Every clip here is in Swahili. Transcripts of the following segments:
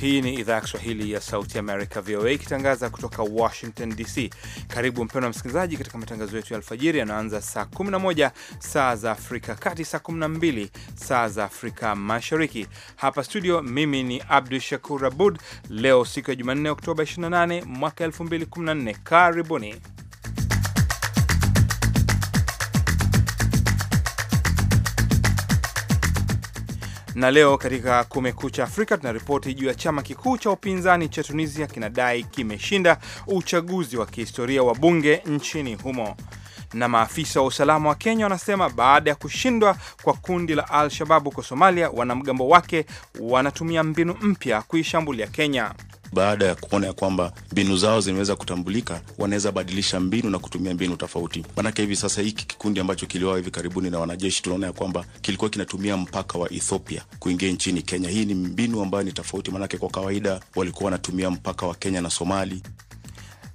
Hii ni idhaa ya Kiswahili ya Sauti Amerika, VOA, ikitangaza kutoka Washington DC. Karibu mpendwa msikilizaji, katika matangazo yetu ya alfajiri yanaanza saa 11 saa za Afrika Kati, saa 12 saa za Afrika Mashariki. Hapa studio, mimi ni Abdu Shakur Abud. Leo siku ya Jumanne, Oktoba 28 mwaka 2014. Karibuni. Na leo katika Kumekucha Afrika tunaripoti juu ya chama kikuu cha upinzani cha Tunisia kinadai kimeshinda uchaguzi wa kihistoria wa bunge nchini humo. Na maafisa wa usalama wa Kenya wanasema baada ya kushindwa kwa kundi la Al-Shababu kwa Somalia, wanamgambo wake wanatumia mbinu mpya kuishambulia Kenya. Baada ya kuona ya kwamba mbinu zao zimeweza kutambulika, wanaweza badilisha mbinu na kutumia mbinu tofauti. Maanake hivi sasa hiki kikundi ambacho kiliwao hivi karibuni na wanajeshi, tunaona ya kwamba kilikuwa kinatumia mpaka wa Ethiopia kuingia nchini Kenya. Hii ni mbinu ambayo ni tofauti, maanake kwa kawaida walikuwa wanatumia mpaka wa Kenya na Somali.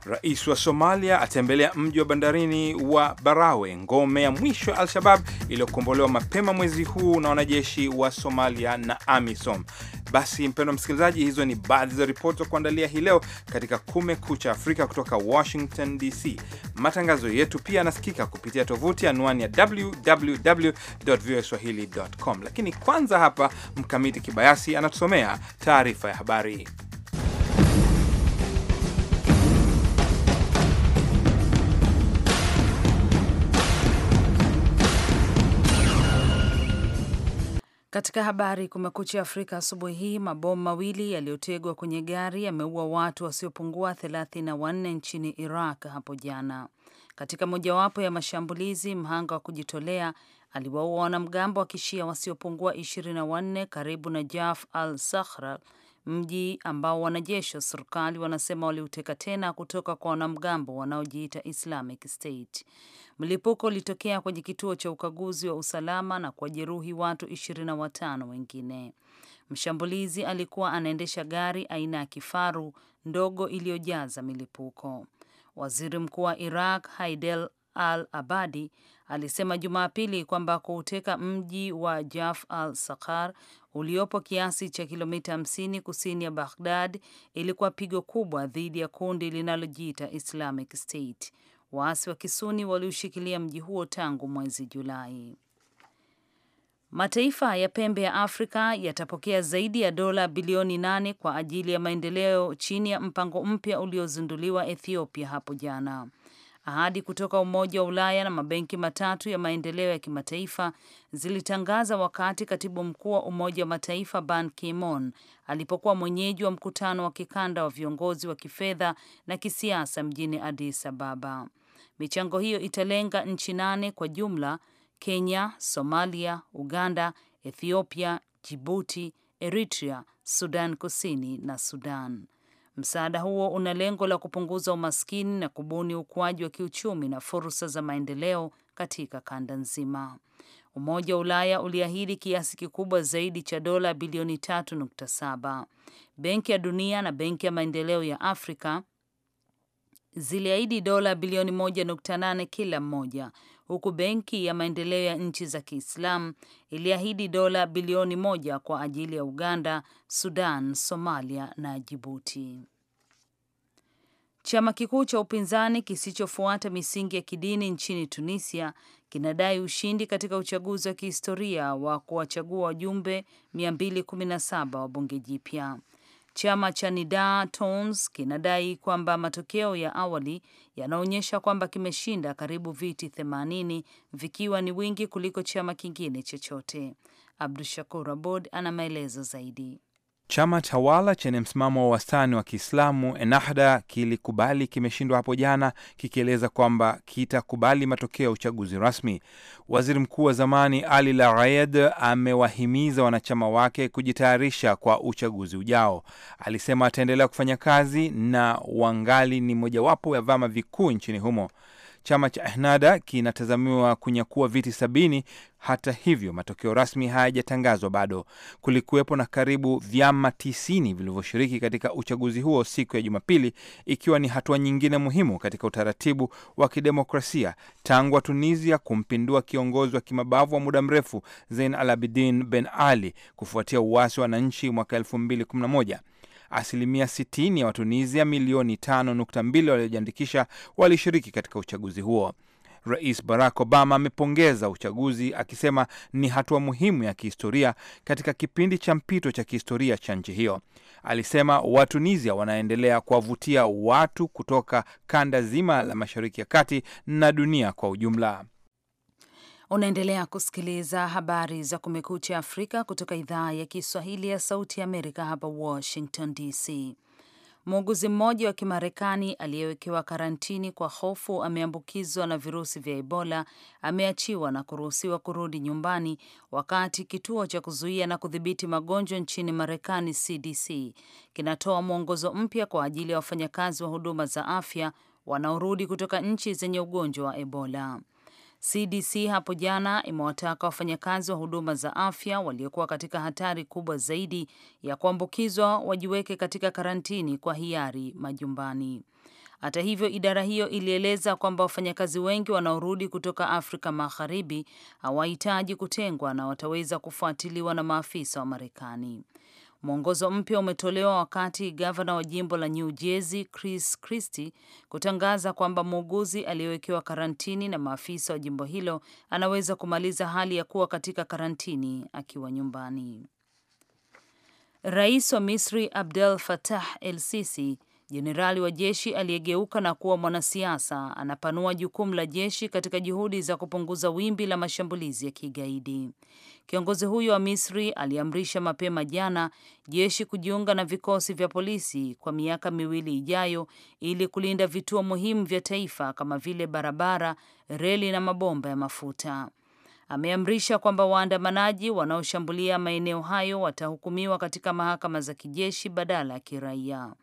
Rais wa Somalia atembelea mji wa bandarini wa Barawe, ngome ya mwisho ya Al-Shabab iliyokombolewa mapema mwezi huu na wanajeshi wa Somalia na AMISOM. Basi mpendwa msikilizaji, hizo ni baadhi za ripoti za kuandalia hii leo katika Kume cha Afrika kutoka Washington DC. Matangazo yetu pia yanasikika kupitia tovuti anwani ya www voa swahili.com, lakini kwanza hapa Mkamiti Kibayasi anatusomea taarifa ya habari. Katika habari Kumekucha Afrika asubuhi hii, mabomu mawili yaliyotegwa kwenye gari yameua watu wasiopungua 3 na wanne nchini Iraq hapo jana. Katika mojawapo ya mashambulizi, mhanga wa kujitolea aliwaua wanamgambo wa kishia wasiopungua 2 na wanne karibu na Jaf al Sakhra, mji ambao wanajeshi wa serikali wanasema waliuteka tena kutoka kwa wanamgambo wanaojiita Islamic State. Mlipuko ulitokea kwenye kituo cha ukaguzi wa usalama na kuwajeruhi watu 25 wengine. Mshambulizi alikuwa anaendesha gari aina ya kifaru ndogo iliyojaza milipuko. Waziri Mkuu wa Iraq Haidel al Abadi alisema Jumapili kwamba kuuteka mji wa Jaf al Sakar uliopo kiasi cha kilomita 50 kusini ya Baghdad ilikuwa pigo kubwa dhidi ya kundi linalojiita Islamic State. Waasi wa Kisuni waliushikilia mji huo tangu mwezi Julai. Mataifa ya pembe ya Afrika yatapokea zaidi ya dola bilioni nane kwa ajili ya maendeleo chini ya mpango mpya uliozinduliwa Ethiopia hapo jana. Ahadi kutoka Umoja wa Ulaya na mabenki matatu ya maendeleo ya kimataifa zilitangaza wakati katibu mkuu wa Umoja wa Mataifa Ban Ki-moon alipokuwa mwenyeji wa mkutano wa kikanda wa viongozi wa kifedha na kisiasa mjini Addis Ababa. Michango hiyo italenga nchi nane kwa jumla: Kenya, Somalia, Uganda, Ethiopia, Djibouti, Eritrea, Sudan Kusini na Sudan. Msaada huo una lengo la kupunguza umaskini na kubuni ukuaji wa kiuchumi na fursa za maendeleo katika kanda nzima. Umoja wa Ulaya uliahidi kiasi kikubwa zaidi cha dola bilioni 3.7. Benki ya Dunia na Benki ya Maendeleo ya Afrika ziliahidi dola bilioni 1.8 kila mmoja huku Benki ya Maendeleo ya Nchi za Kiislamu iliahidi dola bilioni moja kwa ajili ya Uganda, Sudan, Somalia na Jibuti. Chama kikuu cha upinzani kisichofuata misingi ya kidini nchini Tunisia kinadai ushindi katika uchaguzi wa kihistoria wa kuwachagua wajumbe 217 wa bunge jipya. Chama cha nida Tones kinadai kwamba matokeo ya awali yanaonyesha kwamba kimeshinda karibu viti 80 vikiwa ni wingi kuliko chama kingine chochote. Abdu Shakur Abod ana maelezo zaidi. Chama tawala chenye msimamo wa wastani wa Kiislamu Ennahda kilikubali kimeshindwa hapo jana, kikieleza kwamba kitakubali matokeo ya uchaguzi rasmi. Waziri mkuu wa zamani Ali Laayed amewahimiza wanachama wake kujitayarisha kwa uchaguzi ujao. Alisema ataendelea kufanya kazi na wangali ni mojawapo ya vyama vikuu nchini humo. Chama cha Ennahda kinatazamiwa kunyakua viti sabini. Hata hivyo, matokeo rasmi hayajatangazwa bado. Kulikuwepo na karibu vyama tisini vilivyoshiriki katika uchaguzi huo siku ya Jumapili, ikiwa ni hatua nyingine muhimu katika utaratibu wa kidemokrasia tangu Tunisia kumpindua kiongozi wa kimabavu wa muda mrefu Zein Al Abidin Ben Ali kufuatia uasi wa wananchi mwaka 211 asilimia 60 ya Watunisia milioni 5.2 waliojiandikisha walishiriki katika uchaguzi huo. Rais Barack Obama amepongeza uchaguzi akisema ni hatua muhimu ya kihistoria katika kipindi cha mpito cha kihistoria cha nchi hiyo. Alisema Watunisia wanaendelea kuwavutia watu kutoka kanda zima la Mashariki ya Kati na dunia kwa ujumla. Unaendelea kusikiliza habari za Kumekucha Afrika kutoka idhaa ya Kiswahili ya Sauti ya Amerika, hapa Washington DC. Muuguzi mmoja wa Kimarekani aliyewekewa karantini kwa hofu ameambukizwa na virusi vya Ebola ameachiwa na kuruhusiwa kurudi nyumbani, wakati kituo cha kuzuia na kudhibiti magonjwa nchini Marekani, CDC, kinatoa mwongozo mpya kwa ajili ya wafanyakazi wa huduma za afya wanaorudi kutoka nchi zenye ugonjwa wa Ebola. CDC hapo jana imewataka wafanyakazi wa huduma za afya waliokuwa katika hatari kubwa zaidi ya kuambukizwa wajiweke katika karantini kwa hiari majumbani. Hata hivyo, idara hiyo ilieleza kwamba wafanyakazi wengi wanaorudi kutoka Afrika Magharibi hawahitaji kutengwa na wataweza kufuatiliwa na maafisa wa Marekani. Mwongozo mpya umetolewa wakati gavana wa jimbo la New Jersey Chris Christie kutangaza kwamba muuguzi aliyewekewa karantini na maafisa wa jimbo hilo anaweza kumaliza hali ya kuwa katika karantini akiwa nyumbani. Rais wa Misri Abdel Fattah El Sisi Jenerali wa jeshi aliyegeuka na kuwa mwanasiasa anapanua jukumu la jeshi katika juhudi za kupunguza wimbi la mashambulizi ya kigaidi. Kiongozi huyo wa Misri aliamrisha mapema jana jeshi kujiunga na vikosi vya polisi kwa miaka miwili ijayo ili kulinda vituo muhimu vya taifa kama vile barabara, reli na mabomba ya mafuta. Ameamrisha kwamba waandamanaji wanaoshambulia maeneo hayo watahukumiwa katika mahakama za kijeshi badala ya kiraia.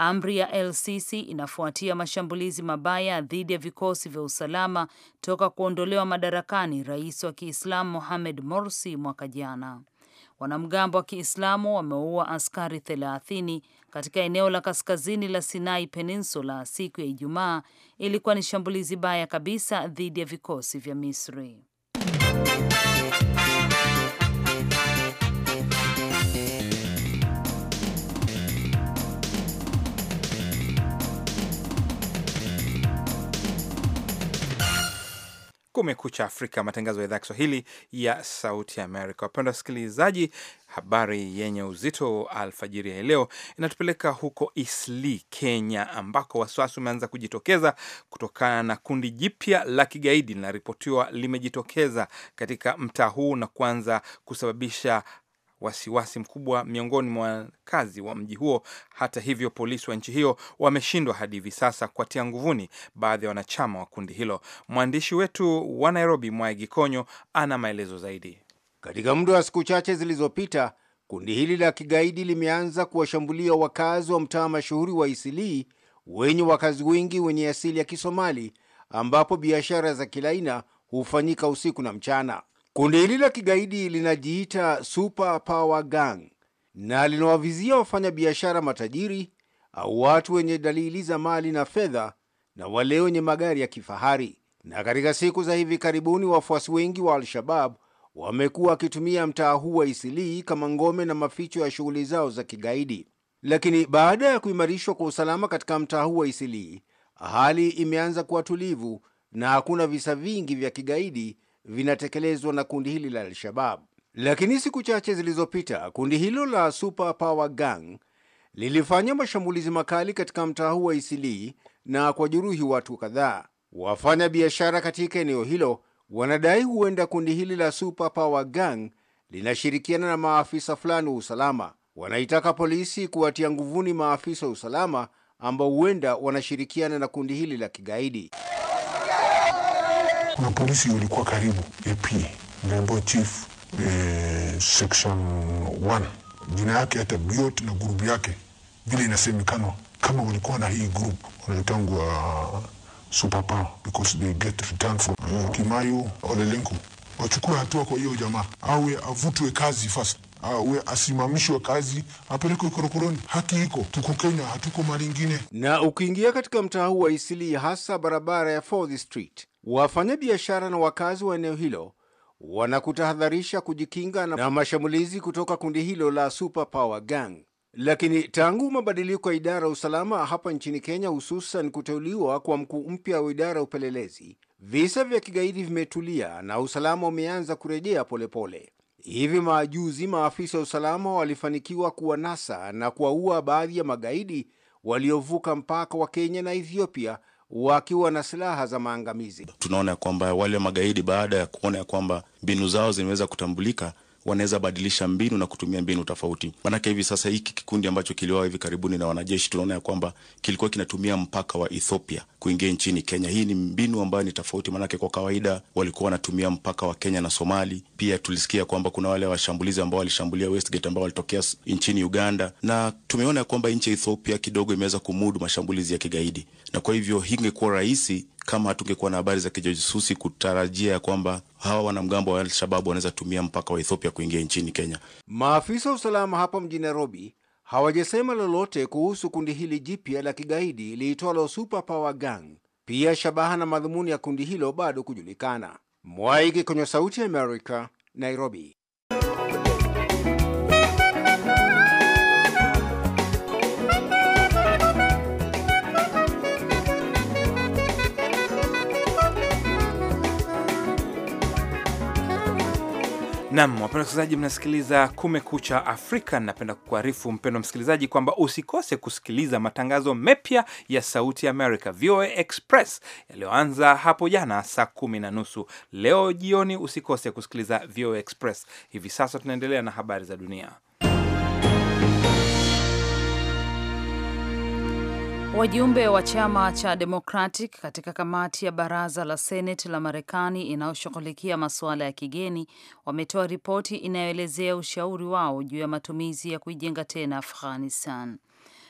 Amri ya LCC inafuatia mashambulizi mabaya dhidi ya vikosi vya usalama toka kuondolewa madarakani rais wa Kiislamu Mohamed Morsi mwaka jana. Wanamgambo wa Kiislamu wameua askari 30 katika eneo la kaskazini la Sinai Peninsula siku ya Ijumaa. Ilikuwa ni shambulizi baya kabisa dhidi ya vikosi vya Misri. Kumekucha Afrika, matangazo ya idhaa ya Kiswahili ya Sauti ya Amerika. Wapendwa wasikilizaji, habari yenye uzito alfajiri ya leo inatupeleka huko Isli, Kenya, ambako wasiwasi umeanza kujitokeza kutokana na kundi jipya la kigaidi linaripotiwa limejitokeza katika mtaa huu na kuanza kusababisha wasiwasi mkubwa miongoni mwa wakazi wa mji huo. Hata hivyo, polisi wa nchi hiyo wameshindwa hadi hivi sasa kuwatia nguvuni baadhi ya wanachama wa kundi hilo. Mwandishi wetu wa Nairobi, Mwae Gikonyo, ana maelezo zaidi. Katika muda wa siku chache zilizopita, kundi hili la kigaidi limeanza kuwashambulia wakazi wa mtaa mashuhuri wa Isilii wenye wakazi wengi wenye asili ya Kisomali, ambapo biashara za kila aina hufanyika usiku na mchana. Kundi hili la kigaidi linajiita Super Power Gang na linawavizia wafanyabiashara matajiri au watu wenye dalili za mali na fedha na wale wenye magari ya kifahari. Na katika siku za hivi karibuni, wafuasi wengi wa Al-Shabab wamekuwa wakitumia mtaa huu wa Isilii kama ngome na maficho ya shughuli zao za kigaidi. Lakini baada ya kuimarishwa kwa usalama katika mtaa huu wa Isilii, hali imeanza kuwa tulivu na hakuna visa vingi vya kigaidi vinatekelezwa na kundi hili la Al-Shabab. Lakini siku chache zilizopita kundi hilo la Super Power Gang lilifanya mashambulizi makali katika mtaa huu wa Isilii na kuwajeruhi watu kadhaa. Wafanya biashara katika eneo hilo wanadai huenda kundi hili la Super Power Gang linashirikiana na maafisa fulani wa usalama. Wanaitaka polisi kuwatia nguvuni maafisa wa usalama ambao huenda wanashirikiana na kundi hili la kigaidi kuna polisi ulikuwa karibu AP Ngembo chief eh, section 1 jina yake hata biot na grupu yake vile inasemekana kama walikuwa na hii group wanaitangwa uh, super power because they get return from uh, Kimayu Olelenku. Wachukue hatua kwa hiyo jamaa, awe avutwe kazi first, awe asimamishwe kazi, apelekwe korokoroni. Haki iko, tuko Kenya, hatuko mali ingine. Na ukiingia katika mtaa huu wa Isili, hasa barabara ya 4th Street Wafanyabiashara na wakazi wa eneo hilo wanakutahadharisha kujikinga na mashambulizi kutoka kundi hilo la Super Power Gang. Lakini tangu mabadiliko ya idara ya usalama hapa nchini Kenya, hususan kuteuliwa kwa mkuu mpya wa idara ya upelelezi, visa vya kigaidi vimetulia na usalama umeanza kurejea polepole. Hivi majuzi maafisa wa usalama walifanikiwa kuwanasa na kuwaua baadhi ya magaidi waliovuka mpaka wa Kenya na Ethiopia wakiwa na silaha za maangamizi. Tunaona ya kwamba wale magaidi baada ya kuona ya kwamba mbinu zao zimeweza kutambulika wanaweza badilisha mbinu na kutumia mbinu tofauti. Maanake hivi sasa hiki kikundi ambacho kiliwawa hivi karibuni na wanajeshi, tunaona ya kwamba kilikuwa kinatumia mpaka wa Ethiopia kuingia nchini Kenya. Hii ni mbinu ambayo ni tofauti, maanake kwa kawaida walikuwa wanatumia mpaka wa Kenya na Somali. Pia tulisikia kwamba kuna wale washambulizi ambao walishambulia Westgate ambao walitokea nchini Uganda, na tumeona ya kwamba nchi ya Ethiopia kidogo imeweza kumudu mashambulizi ya kigaidi, na kwa hivyo hingekuwa rahisi kama hatungekuwa na habari za kijasusi kutarajia ya kwamba hawa wanamgambo wa Al-Shababu wanaweza tumia mpaka wa Ethiopia kuingia nchini Kenya. Maafisa wa usalama hapa mjini Nairobi hawajasema lolote kuhusu kundi hili jipya la kigaidi liitwalo Super Power Gang. Pia shabaha na madhumuni ya kundi hilo bado kujulikana. Mwaiki kwenye Sauti ya Amerika, Nairobi. Nam, wapenda wasikilizaji, mnasikiliza Kumekucha Afrika. Napenda kukuarifu mpendo msikilizaji kwamba usikose kusikiliza matangazo mepya ya Sauti America VOA Express yaliyoanza hapo jana saa kumi na nusu leo jioni. Usikose kusikiliza VOA Express. Hivi sasa tunaendelea na habari za dunia. Wajumbe wa chama cha Democratic katika kamati ya baraza la Seneti la Marekani inayoshughulikia masuala ya kigeni wametoa ripoti inayoelezea ushauri wao juu ya matumizi ya kuijenga tena Afghanistan.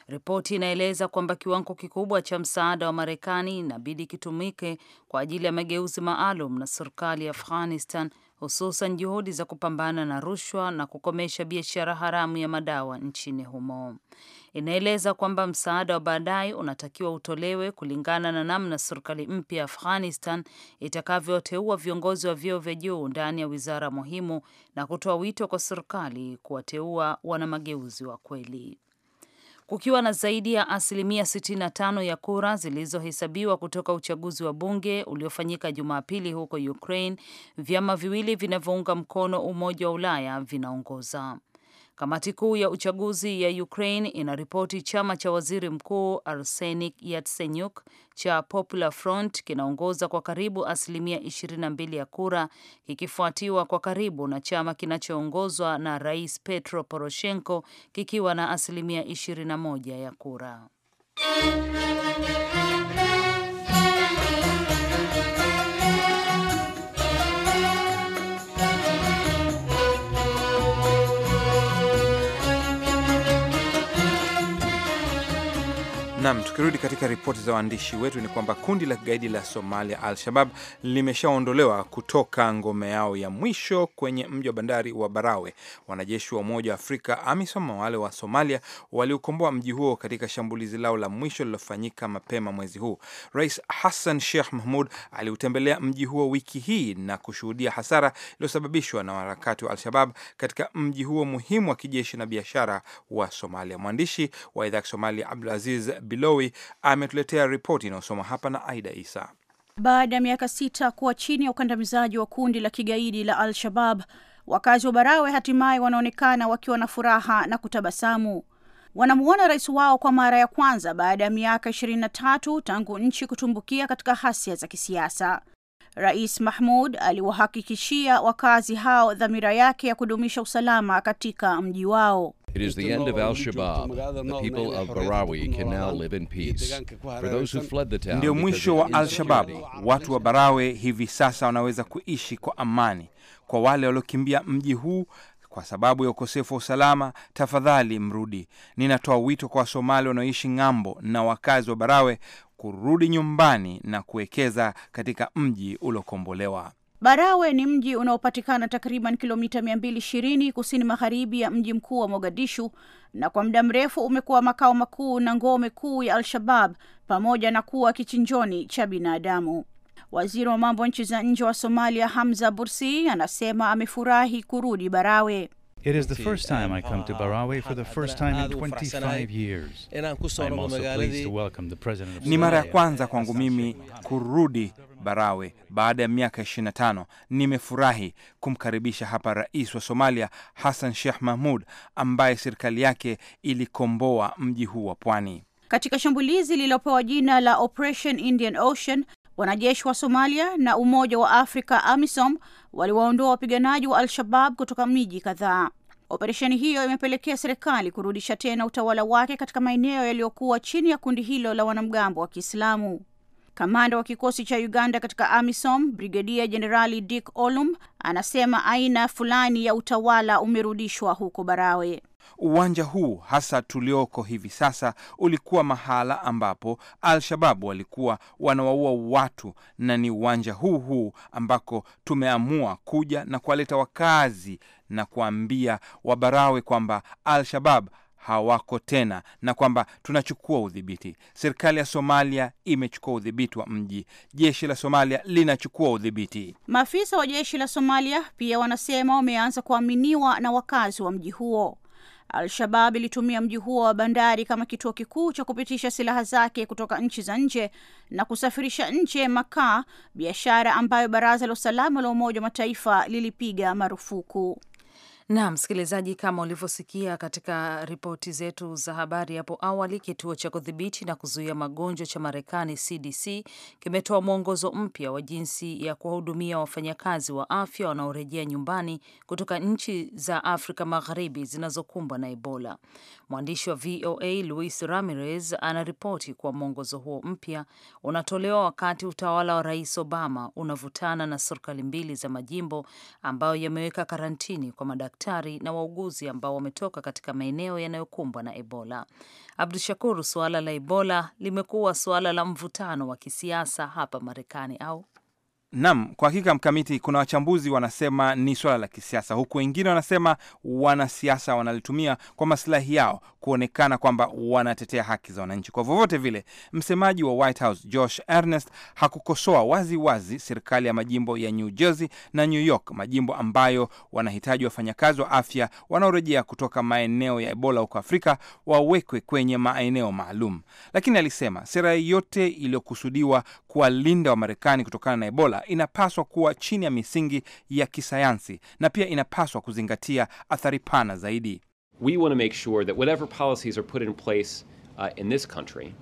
Ripoti inaeleza kwamba kiwango kikubwa cha msaada wa Marekani inabidi kitumike kwa ajili ya mageuzi maalum na serikali ya Afghanistan hususan juhudi za kupambana na rushwa na kukomesha biashara haramu ya madawa nchini humo. Inaeleza kwamba msaada wa baadaye unatakiwa utolewe kulingana na namna serikali mpya ya Afghanistan itakavyoteua viongozi wa vyeo vya juu ndani ya wizara muhimu na kutoa wito kwa serikali kuwateua wana mageuzi wa kweli kukiwa na zaidi ya asilimia 65 ya kura zilizohesabiwa kutoka uchaguzi wa bunge uliofanyika Jumapili huko Ukraine, vyama viwili vinavyounga mkono Umoja wa Ulaya vinaongoza. Kamati kuu ya uchaguzi ya Ukraine inaripoti chama cha waziri mkuu Arsenik Yatsenyuk cha Popular Front kinaongoza kwa karibu asilimia 22 ya kura, kikifuatiwa kwa karibu na chama kinachoongozwa na Rais Petro Poroshenko kikiwa na asilimia 21 ya kura. Nam, tukirudi katika ripoti za waandishi wetu ni kwamba kundi la kigaidi la Somalia Al-Shabab limeshaondolewa kutoka ngome yao ya mwisho kwenye mji wa bandari wa Barawe. Wanajeshi wa Umoja wa Afrika AMISOM wale wa Somalia waliokomboa mji huo katika shambulizi lao la mwisho lilofanyika mapema mwezi huu. Rais Hassan Sheikh Mahmud aliutembelea mji huo wiki hii na kushuhudia hasara iliyosababishwa na waharakati wa Al-Shabab katika mji huo muhimu wa kijeshi na biashara wa Somalia. Mwandishi wa idhaa ya Kisomalia Abdulaziz Bilowi ametuletea ripoti inayosoma hapa na Aida Isa. Baada ya miaka sita kuwa chini ya ukandamizaji wa kundi la kigaidi la Al-Shabab, wakazi wa Barawe hatimaye wanaonekana wakiwa na furaha na kutabasamu. Wanamuona rais wao kwa mara ya kwanza baada ya miaka 23 tangu nchi kutumbukia katika hasia za kisiasa. Rais Mahmud aliwahakikishia wakazi hao dhamira yake ya kudumisha usalama katika mji wao. It is the end of al-Shabaab. The people of Barawi can now live in peace. For those who fled the town. Ndio mwisho wa al-Shabaab. Watu wa Barawe hivi sasa wanaweza kuishi kwa amani. Kwa wale waliokimbia mji huu kwa sababu ya ukosefu wa usalama, tafadhali mrudi. Ninatoa wito kwa Wasomali wanaoishi ng'ambo na wakazi wa Barawe kurudi nyumbani na kuwekeza katika mji uliokombolewa. Barawe ni mji unaopatikana takriban kilomita 220 kusini magharibi ya mji mkuu wa Mogadishu na kwa muda mrefu umekuwa makao makuu na ngome kuu ya Al-Shabab pamoja na kuwa kichinjoni cha binadamu. Waziri wa mambo nchi za nje wa Somalia Hamza Bursi anasema amefurahi kurudi Barawe. It is the first time I come to ah, Barawe for the ah, first time in 25 ah, years. I am also pleased to welcome the president of Ni mara ya kwanza kwangu mimi kurudi Barawe baada ya miaka 25. Nimefurahi kumkaribisha hapa rais wa Somalia Hassan Sheikh Mahmud ambaye serikali yake ilikomboa mji huu wa pwani. Katika shambulizi lililopewa jina la Operation Indian Ocean Wanajeshi wa Somalia na Umoja wa Afrika AMISOM waliwaondoa wapiganaji wa Al-Shabab kutoka miji kadhaa. Operesheni hiyo imepelekea serikali kurudisha tena utawala wake katika maeneo yaliyokuwa chini ya kundi hilo la wanamgambo wa Kiislamu. Kamanda wa kikosi cha Uganda katika AMISOM, Brigedia Jenerali Dick Olum, anasema aina fulani ya utawala umerudishwa huko Barawe. Uwanja huu hasa tulioko hivi sasa ulikuwa mahala ambapo Al-Shababu walikuwa wanawaua watu, na ni uwanja huu huu ambako tumeamua kuja na kuwaleta wakazi na kuambia Wabarawe kwamba Al-Shabab hawako tena na kwamba tunachukua udhibiti. Serikali ya Somalia imechukua udhibiti wa mji, jeshi la Somalia linachukua udhibiti. Maafisa wa jeshi la Somalia pia wanasema wameanza kuaminiwa na wakazi wa mji huo. Al-Shabab ilitumia mji huo wa bandari kama kituo kikuu cha kupitisha silaha zake kutoka nchi za nje na kusafirisha nje makaa, biashara ambayo Baraza la Usalama la Umoja wa Mataifa lilipiga marufuku. Na msikilizaji, kama ulivyosikia katika ripoti zetu za habari hapo awali, kituo cha kudhibiti na kuzuia magonjwa cha Marekani CDC kimetoa mwongozo mpya wa jinsi ya kuwahudumia wafanyakazi wa afya wanaorejea nyumbani kutoka nchi za Afrika Magharibi zinazokumbwa na Ebola. Mwandishi wa VOA Luis Ramirez anaripoti kuwa mwongozo huo mpya unatolewa wakati utawala wa Rais Obama unavutana na serikali mbili za majimbo ambayo yameweka karantini kwa madaktari madaktari na wauguzi ambao wametoka katika maeneo yanayokumbwa na Ebola. Abdu Shakuru, suala la Ebola limekuwa suala la mvutano wa kisiasa hapa Marekani au Naam, kwa hakika mkamiti, kuna wachambuzi wanasema ni swala la kisiasa, huku wengine wanasema wanasiasa wanalitumia kwa masilahi yao, kuonekana kwamba wanatetea haki za wananchi. Kwa vyovyote vile, msemaji wa White House Josh Earnest hakukosoa wazi wazi serikali ya majimbo ya New Jersey na New York, majimbo ambayo wanahitaji wafanyakazi wa afya wanaorejea kutoka maeneo ya Ebola huko Afrika wawekwe kwenye maeneo maalum, lakini alisema sera yote iliyokusudiwa kuwalinda Wamarekani kutokana na Ebola mjadala inapaswa kuwa chini ya misingi ya kisayansi na pia inapaswa kuzingatia athari pana zaidi. We want to make sure that whatever policies are put in place uh, in this country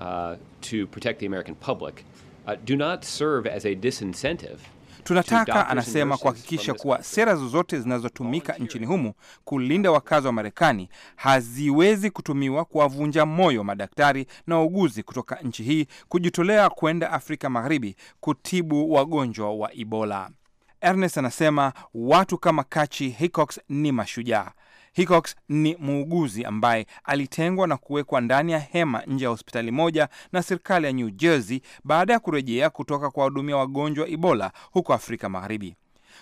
uh, to protect the American public uh, do not serve as a disincentive Tunataka, anasema, kuhakikisha kuwa sera zozote zinazotumika nchini humu kulinda wakazi wa Marekani haziwezi kutumiwa kuwavunja moyo madaktari na wauguzi kutoka nchi hii kujitolea kwenda Afrika Magharibi kutibu wagonjwa wa Ebola. Ernest anasema watu kama Kachi Hickox ni mashujaa. Hickox ni muuguzi ambaye alitengwa na kuwekwa ndani ya hema nje ya hospitali moja na serikali ya New Jersey baada ya kurejea kutoka kwa wahudumia wagonjwa Ebola huko Afrika Magharibi.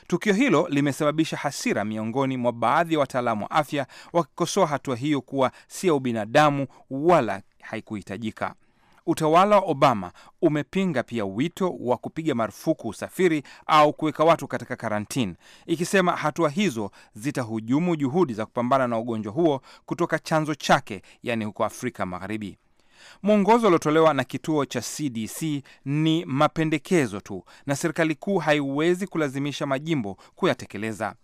Tukio hilo limesababisha hasira miongoni mwa baadhi ya wataalamu wa afya, wakikosoa hatua hiyo kuwa si ya ubinadamu wala haikuhitajika. Utawala wa Obama umepinga pia wito wa kupiga marufuku usafiri au kuweka watu katika karantini, ikisema hatua hizo zitahujumu juhudi za kupambana na ugonjwa huo kutoka chanzo chake, yaani huko Afrika Magharibi. Mwongozo uliotolewa na kituo cha CDC ni mapendekezo tu, na serikali kuu haiwezi kulazimisha majimbo kuyatekeleza.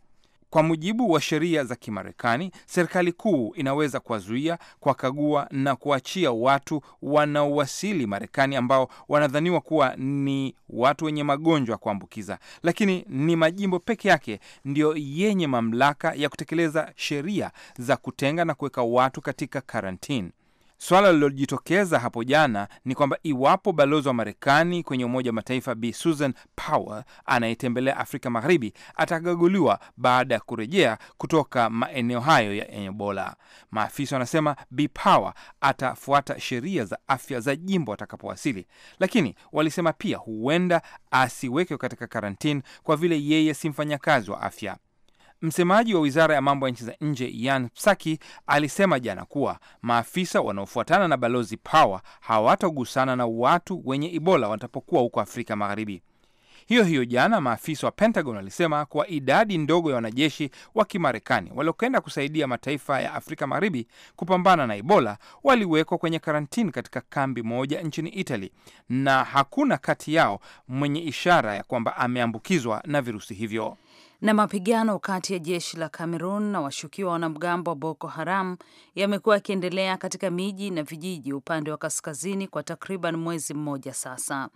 Kwa mujibu wa sheria za Kimarekani, serikali kuu inaweza kuwazuia, kuwakagua na kuachia watu wanaowasili Marekani ambao wanadhaniwa kuwa ni watu wenye magonjwa ya kuambukiza, lakini ni majimbo peke yake ndiyo yenye mamlaka ya kutekeleza sheria za kutenga na kuweka watu katika karantini. Swala lililojitokeza hapo jana ni kwamba iwapo balozi wa Marekani kwenye Umoja wa Mataifa Bi Susan Power anayetembelea Afrika Magharibi atakaguliwa baada ya kurejea kutoka maeneo hayo ya Ebola. Maafisa wanasema Bi Power atafuata sheria za afya za jimbo atakapowasili, lakini walisema pia huenda asiwekwe katika karantini kwa vile yeye si mfanyakazi wa afya. Msemaji wa wizara ya mambo ya nchi za nje yan Psaki alisema jana kuwa maafisa wanaofuatana na balozi Power hawatagusana na watu wenye Ebola watapokuwa huko Afrika Magharibi. Hiyo hiyo jana, maafisa wa Pentagon walisema kuwa idadi ndogo ya wanajeshi wa Kimarekani waliokwenda kusaidia mataifa ya Afrika Magharibi kupambana na Ebola waliwekwa kwenye karantini katika kambi moja nchini Italy, na hakuna kati yao mwenye ishara ya kwamba ameambukizwa na virusi hivyo. Na mapigano kati ya jeshi la Cameroon na washukiwa wanamgambo wa Boko Haram yamekuwa yakiendelea katika miji na vijiji upande wa kaskazini kwa takriban mwezi mmoja sasa.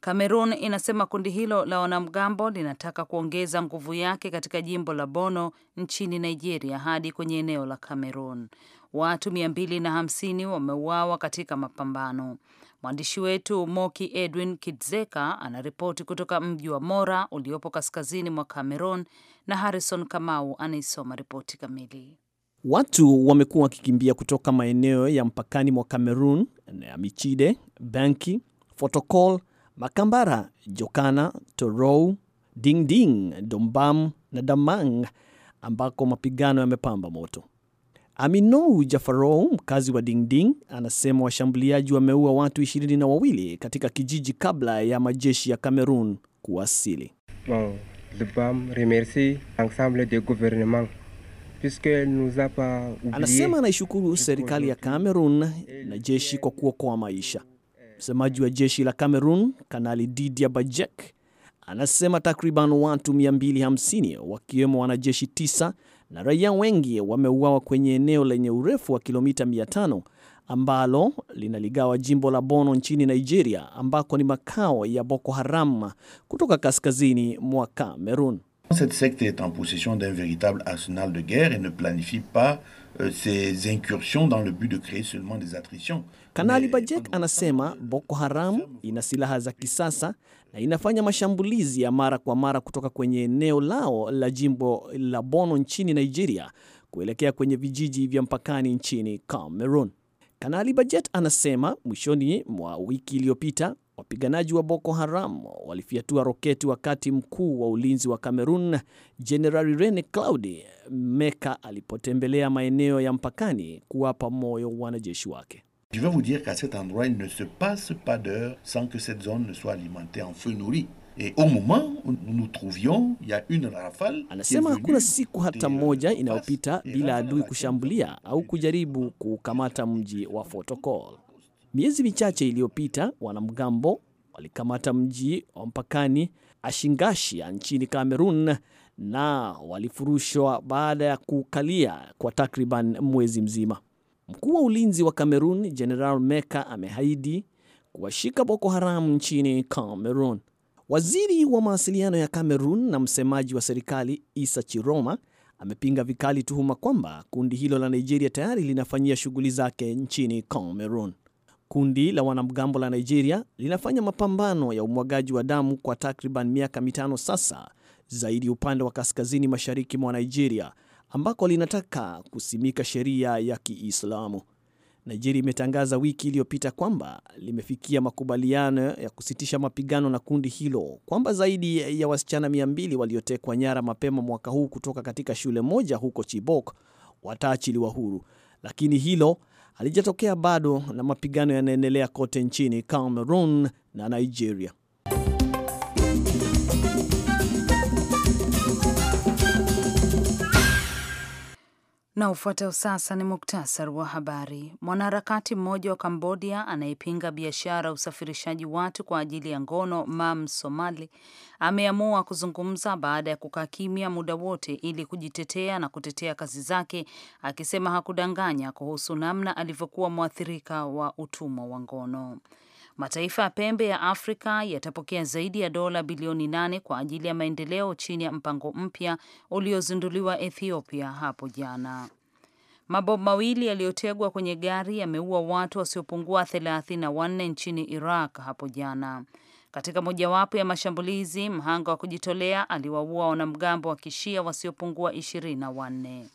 Cameroon inasema kundi hilo la wanamgambo linataka kuongeza nguvu yake katika jimbo la Bono nchini Nigeria hadi kwenye eneo la Cameroon. Watu 250 wameuawa katika mapambano. Mwandishi wetu Moki Edwin Kidzeka anaripoti kutoka mji wa Mora uliopo kaskazini mwa Cameroon, na Harrison Kamau anaisoma ripoti kamili. Watu wamekuwa wakikimbia kutoka maeneo ya mpakani mwa Cameroon ya Michide, Banki, Fotokol, Makambara, Jokana, Torou, Dingding, Dombam na Damang ambako mapigano yamepamba moto. Aminou Jafarou, mkazi wa Dingding, anasema washambuliaji wameua watu ishirini na wawili katika kijiji kabla ya majeshi ya Cameroon kuwasili. anasema anaishukuru serikali ya Cameroon na jeshi kwa kuokoa maisha. Eh, Msemaji wa jeshi la Cameroon, Kanali Didia Bajek, anasema takriban watu 250 wakiwemo wanajeshi tisa na raia wengi wameuawa kwenye eneo lenye urefu wa kilomita 500 ambalo linaligawa jimbo la Bono nchini Nigeria, ambako ni makao ya Boko Haram kutoka kaskazini mwa Cameroon. Cette secte est en possession d'un véritable arsenal de guerre et ne planifie pas euh, ses incursions dans le but de créer seulement des attritions. Kanali Bajek anasema Boko Haram ina silaha za kisasa na inafanya mashambulizi ya mara kwa mara kutoka kwenye eneo lao la jimbo la Bono nchini Nigeria kuelekea kwenye vijiji vya mpakani nchini Cameroon. Kanali Bajet anasema mwishoni mwa wiki iliyopita wapiganaji wa Boko Haram walifyatua roketi wakati mkuu wa ulinzi wa Cameroon Jenerali Rene claudi Meka alipotembelea maeneo ya mpakani kuwapa moyo wanajeshi wake. Je veux vous dire qu'à cet endroit, il ne se passe pas d'heure sans que cette zone ne soit alimentée en feu nourri. Et au moment où nous nous trouvions, il y a une rafale. Anasema hakuna siku hata moja inayopita bila adui kushambulia au kujaribu kukamata mji wa Fotokol. Miezi michache iliyopita, wanamgambo walikamata mji wa mpakani Ashingashia nchini Kamerun na walifurushwa baada ya kukalia kwa takriban mwezi mzima. Mkuu wa ulinzi wa Cameroon General Meka amehaidi kuwashika Boko Haram nchini Cameroon. Waziri wa mawasiliano ya Cameroon na msemaji wa serikali Isa Chiroma amepinga vikali tuhuma kwamba kundi hilo la Nigeria tayari linafanyia shughuli zake nchini Cameroon. Kundi la wanamgambo la Nigeria linafanya mapambano ya umwagaji wa damu kwa takriban miaka mitano sasa, zaidi upande wa kaskazini mashariki mwa Nigeria ambako linataka kusimika sheria ya Kiislamu. Nigeria imetangaza wiki iliyopita kwamba limefikia makubaliano ya kusitisha mapigano na kundi hilo, kwamba zaidi ya wasichana 200 waliotekwa nyara mapema mwaka huu kutoka katika shule moja huko Chibok wataachiliwa huru, lakini hilo halijatokea bado na mapigano yanaendelea kote nchini Cameroon na Nigeria. Na ufuatao sasa ni muktasari wa habari. Mwanaharakati mmoja wa Kambodia anayepinga biashara usafirishaji watu kwa ajili ya ngono Mam Somali ameamua kuzungumza baada ya kukaa kimya muda wote ili kujitetea na kutetea kazi zake, akisema hakudanganya kuhusu namna alivyokuwa mwathirika wa utumwa wa ngono. Mataifa ya pembe ya Afrika yatapokea zaidi ya dola bilioni nane kwa ajili ya maendeleo chini ya mpango mpya uliozinduliwa Ethiopia hapo jana. Mabomu mawili yaliyotegwa kwenye gari yameua watu wasiopungua wanne nchini Iraq hapo jana. Katika mojawapo ya mashambulizi, mhanga wa kujitolea aliwaua wanamgambo wa kishia wasiopungua wanne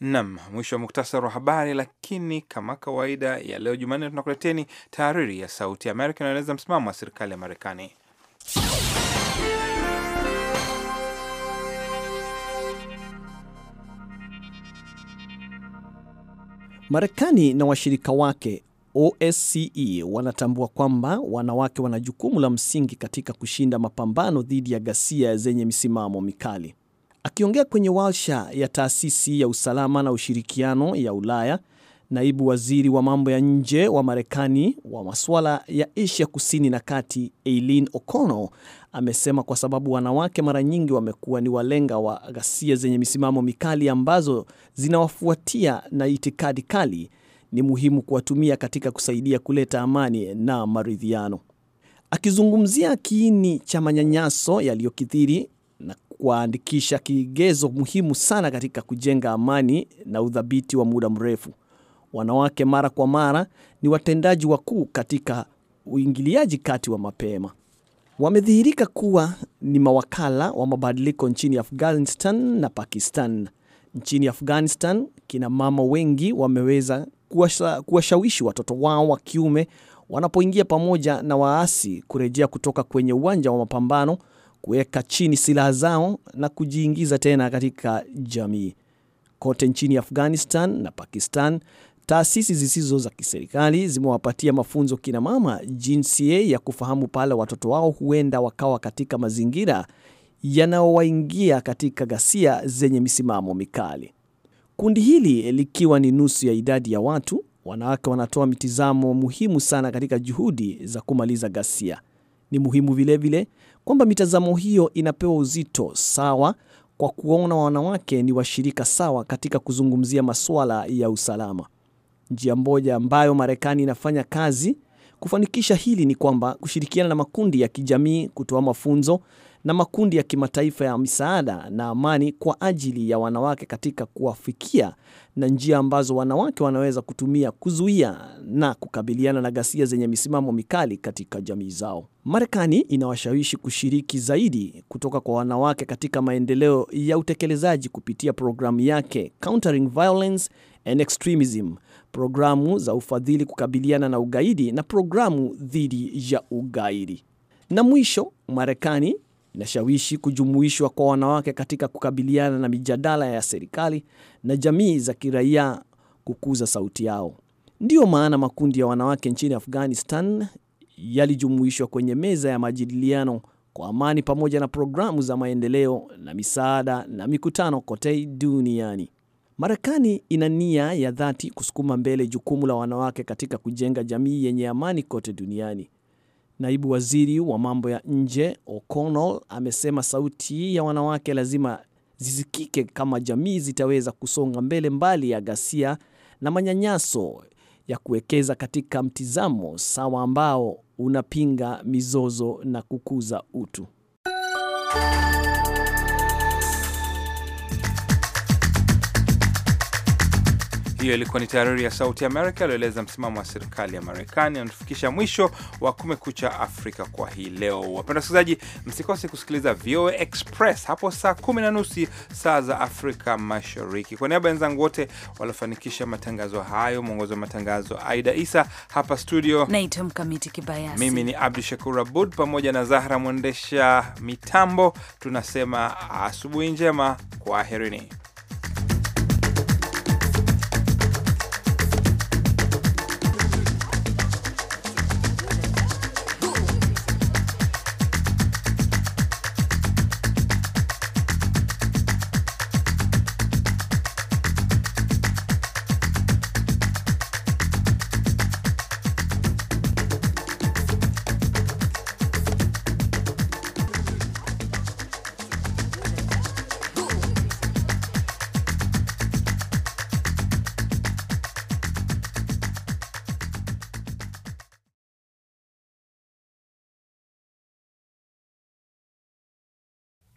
Nam, mwisho wa muktasari wa habari. Lakini kama kawaida ya leo Jumanne, tunakuleteni taariri ya Sauti Amerika inaeleza msimamo wa serikali ya Marekani. Marekani na washirika wake OSCE wanatambua kwamba wanawake wana jukumu la msingi katika kushinda mapambano dhidi ya ghasia zenye misimamo mikali. Akiongea kwenye warsha ya taasisi ya usalama na ushirikiano ya Ulaya, naibu waziri wa mambo ya nje wa Marekani wa masuala ya Asia kusini na kati, Eileen O'Connell amesema kwa sababu wanawake mara nyingi wamekuwa ni walenga wa ghasia zenye misimamo mikali ambazo zinawafuatia na itikadi kali, ni muhimu kuwatumia katika kusaidia kuleta amani na maridhiano. Akizungumzia kiini cha manyanyaso yaliyokithiri kuwaandikisha, kigezo muhimu sana katika kujenga amani na udhabiti wa muda mrefu. Wanawake mara kwa mara ni watendaji wakuu katika uingiliaji kati wa mapema. Wamedhihirika kuwa ni mawakala wa mabadiliko nchini Afghanistan na Pakistan. Nchini Afghanistan, kina mama wengi wameweza kuwashawishi watoto wao wa kiume wanapoingia pamoja na waasi kurejea kutoka kwenye uwanja wa mapambano kuweka chini silaha zao na kujiingiza tena katika jamii. Kote nchini Afghanistan na Pakistan, taasisi zisizo za kiserikali zimewapatia mafunzo kina mama jinsi ya kufahamu pale watoto wao huenda wakawa katika mazingira yanayowaingia katika ghasia zenye misimamo mikali. Kundi hili likiwa ni nusu ya idadi ya watu, wanawake wanatoa mitizamo muhimu sana katika juhudi za kumaliza ghasia. Ni muhimu vilevile kwamba mitazamo hiyo inapewa uzito sawa kwa kuona wanawake ni washirika sawa katika kuzungumzia masuala ya usalama. Njia moja ambayo Marekani inafanya kazi kufanikisha hili ni kwamba kushirikiana na makundi ya kijamii, kutoa mafunzo na makundi ya kimataifa ya misaada na amani kwa ajili ya wanawake katika kuwafikia na njia ambazo wanawake wanaweza kutumia kuzuia na kukabiliana na ghasia zenye misimamo mikali katika jamii zao. Marekani inawashawishi kushiriki zaidi kutoka kwa wanawake katika maendeleo ya utekelezaji kupitia programu yake Countering Violence and Extremism, programu za ufadhili kukabiliana na ugaidi na programu dhidi ya ugaidi. Na mwisho, Marekani inashawishi kujumuishwa kwa wanawake katika kukabiliana na mijadala ya serikali na jamii za kiraia kukuza sauti yao. Ndiyo maana makundi ya wanawake nchini Afghanistan yalijumuishwa kwenye meza ya majadiliano kwa amani pamoja na programu za maendeleo na misaada na mikutano kote duniani. Marekani ina nia ya dhati kusukuma mbele jukumu la wanawake katika kujenga jamii yenye amani kote duniani. Naibu waziri wa mambo ya nje O'Connell amesema sauti ya wanawake lazima zisikike kama jamii zitaweza kusonga mbele mbali ya ghasia na manyanyaso ya kuwekeza katika mtizamo sawa ambao unapinga mizozo na kukuza utu. Hiyo ilikuwa ni tahariri ya Sauti ya Amerika alioeleza msimamo wa serikali ya Marekani. Anatufikisha mwisho wa Kumekucha Afrika kwa hii leo. Wapenda wasikilizaji, msikose kusikiliza VOA Express hapo saa kumi na nusu saa za Afrika Mashariki. Kwa niaba ya wenzangu wote waliofanikisha matangazo hayo, mwongozi wa matangazo Aida Isa hapa studio, naitwa Mkamiti Kibayasi, mimi ni Abdu Shakur Abud pamoja na Zahra mwendesha mitambo, tunasema asubuhi njema, kwaherini.